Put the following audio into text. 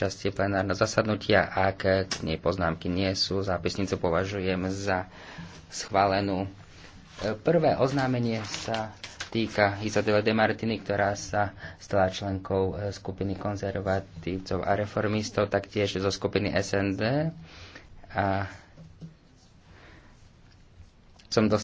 časti plenárneho zasadnutia. Ak k nej poznámky nie sú, zápisnicu považujem za schválenú. Prvé oznámenie sa týka de Martini, ktorá sa stala členkou e, skupiny konzervatívcov a reformistov, taktiež zo skupiny SND. A som dostal